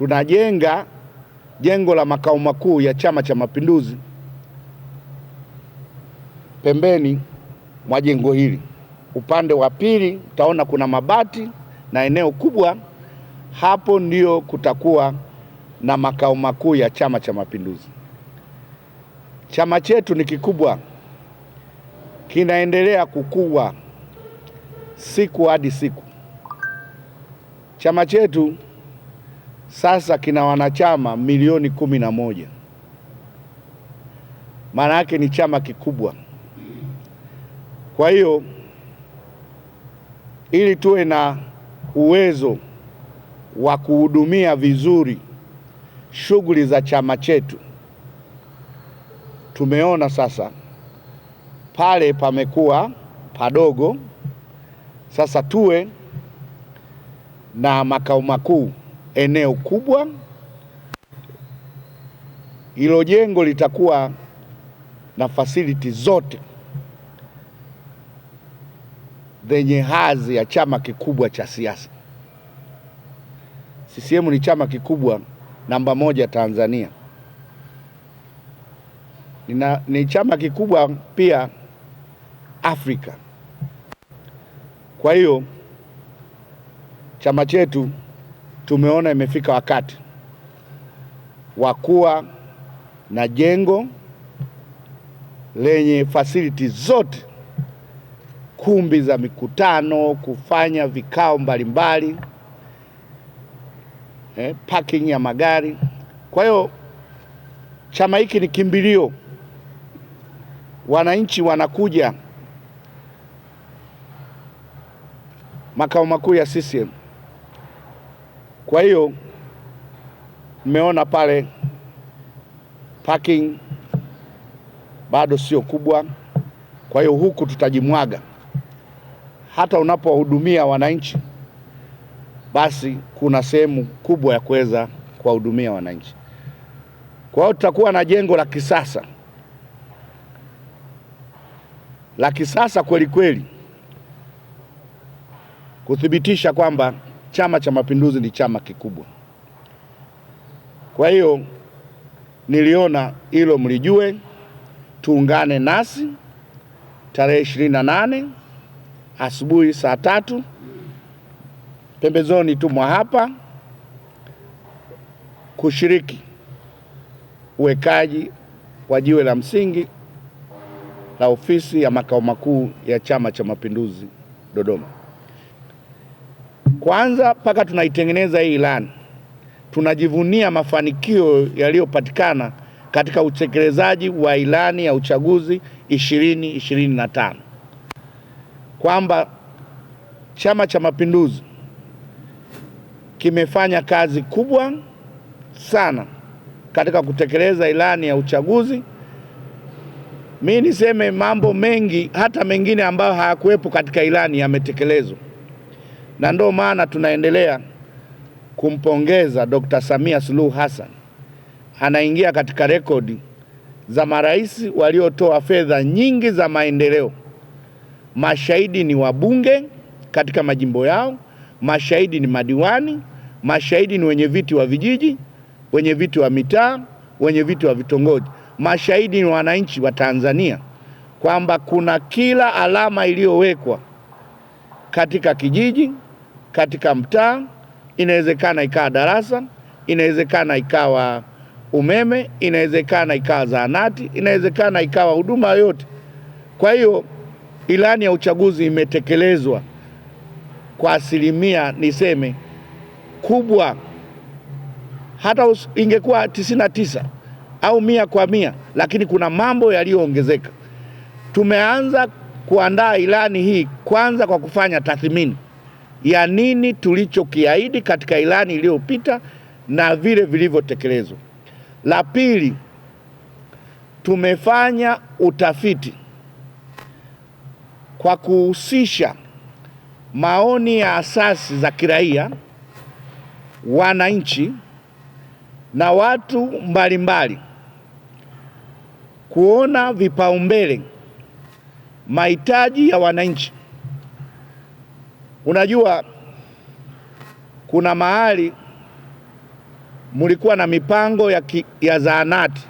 tunajenga jengo la makao makuu ya Chama cha Mapinduzi pembeni mwa jengo hili. Upande wa pili utaona kuna mabati na eneo kubwa hapo, ndio kutakuwa na makao makuu ya Chama cha Mapinduzi. Chama chetu ni kikubwa, kinaendelea kukua siku hadi siku. Chama chetu sasa kina wanachama milioni kumi na moja. Maana yake ni chama kikubwa. Kwa hiyo ili tuwe na uwezo wa kuhudumia vizuri shughuli za chama chetu, tumeona sasa pale pamekuwa padogo, sasa tuwe na makao makuu eneo kubwa. Hilo jengo litakuwa na fasiliti zote zenye hadhi ya chama kikubwa cha siasa. CCM ni chama kikubwa namba moja Tanzania. Nina, ni chama kikubwa pia Afrika. Kwa hiyo chama chetu tumeona imefika wakati wa kuwa na jengo lenye fasiliti zote, kumbi za mikutano, kufanya vikao mbalimbali, eh, parking ya magari. Kwa hiyo chama hiki ni kimbilio, wananchi wanakuja makao makuu ya CCM kwa hiyo mmeona pale parking bado sio kubwa, kwa hiyo huku tutajimwaga. Hata unapowahudumia wananchi, basi kuna sehemu kubwa ya kuweza kuwahudumia wananchi. Kwa hiyo tutakuwa na jengo la kisasa la kisasa kweli kweli, kuthibitisha kwamba Chama cha Mapinduzi ni chama kikubwa. Kwa hiyo niliona hilo mlijue, tuungane nasi tarehe nane asubuhi saa tatu pembezoni tu mwa hapa kushiriki uwekaji wa jiwe la msingi la ofisi ya makao makuu ya Chama cha Mapinduzi Dodoma. Kwanza mpaka tunaitengeneza hii ilani, tunajivunia mafanikio yaliyopatikana katika utekelezaji wa ilani ya uchaguzi 2025 kwamba Chama cha Mapinduzi kimefanya kazi kubwa sana katika kutekeleza ilani ya uchaguzi. Mi niseme mambo mengi, hata mengine ambayo hayakuwepo katika ilani yametekelezwa na ndio maana tunaendelea kumpongeza Dr. Samia Suluhu Hassan, anaingia katika rekodi za marais waliotoa fedha nyingi za maendeleo. Mashahidi ni wabunge katika majimbo yao, mashahidi ni madiwani, mashahidi ni wenye viti wa vijiji, wenye viti wa mitaa, wenye viti wa vitongoji, mashahidi ni wananchi wa Tanzania, kwamba kuna kila alama iliyowekwa katika kijiji katika mtaa, inawezekana ikawa darasa, inawezekana ikawa umeme, inawezekana ikawa zahanati, inawezekana ikawa huduma yoyote. Kwa hiyo ilani ya uchaguzi imetekelezwa kwa asilimia niseme kubwa, hata ingekuwa tisini na tisa au mia kwa mia, lakini kuna mambo yaliyoongezeka. Tumeanza kuandaa ilani hii kwanza kwa kufanya tathmini ya nini tulichokiahidi katika ilani iliyopita na vile vilivyotekelezwa. La pili, tumefanya utafiti kwa kuhusisha maoni ya asasi za kiraia, wananchi na watu mbalimbali mbali, kuona vipaumbele mahitaji ya wananchi Unajua, kuna mahali mulikuwa na mipango ya, ki, ya zahanati,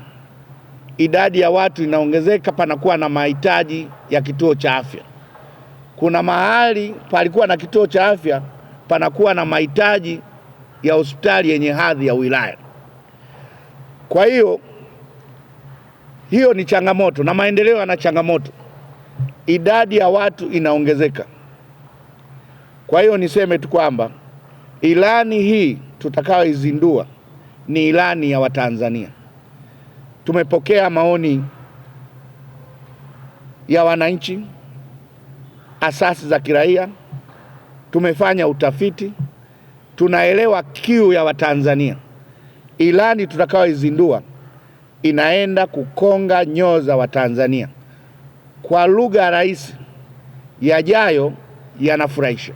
idadi ya watu inaongezeka, panakuwa na mahitaji ya kituo cha afya. Kuna mahali palikuwa na kituo cha afya, panakuwa na mahitaji ya hospitali yenye hadhi ya wilaya. Kwa hiyo hiyo ni changamoto, na maendeleo yana changamoto. Idadi ya watu inaongezeka. Kwa hiyo niseme tu kwamba ilani hii tutakayoizindua ni ilani ya Watanzania. Tumepokea maoni ya wananchi, asasi za kiraia, tumefanya utafiti, tunaelewa kiu ya Watanzania. Ilani tutakayoizindua inaenda kukonga nyoo za Watanzania. Kwa lugha rahisi, yajayo yanafurahisha.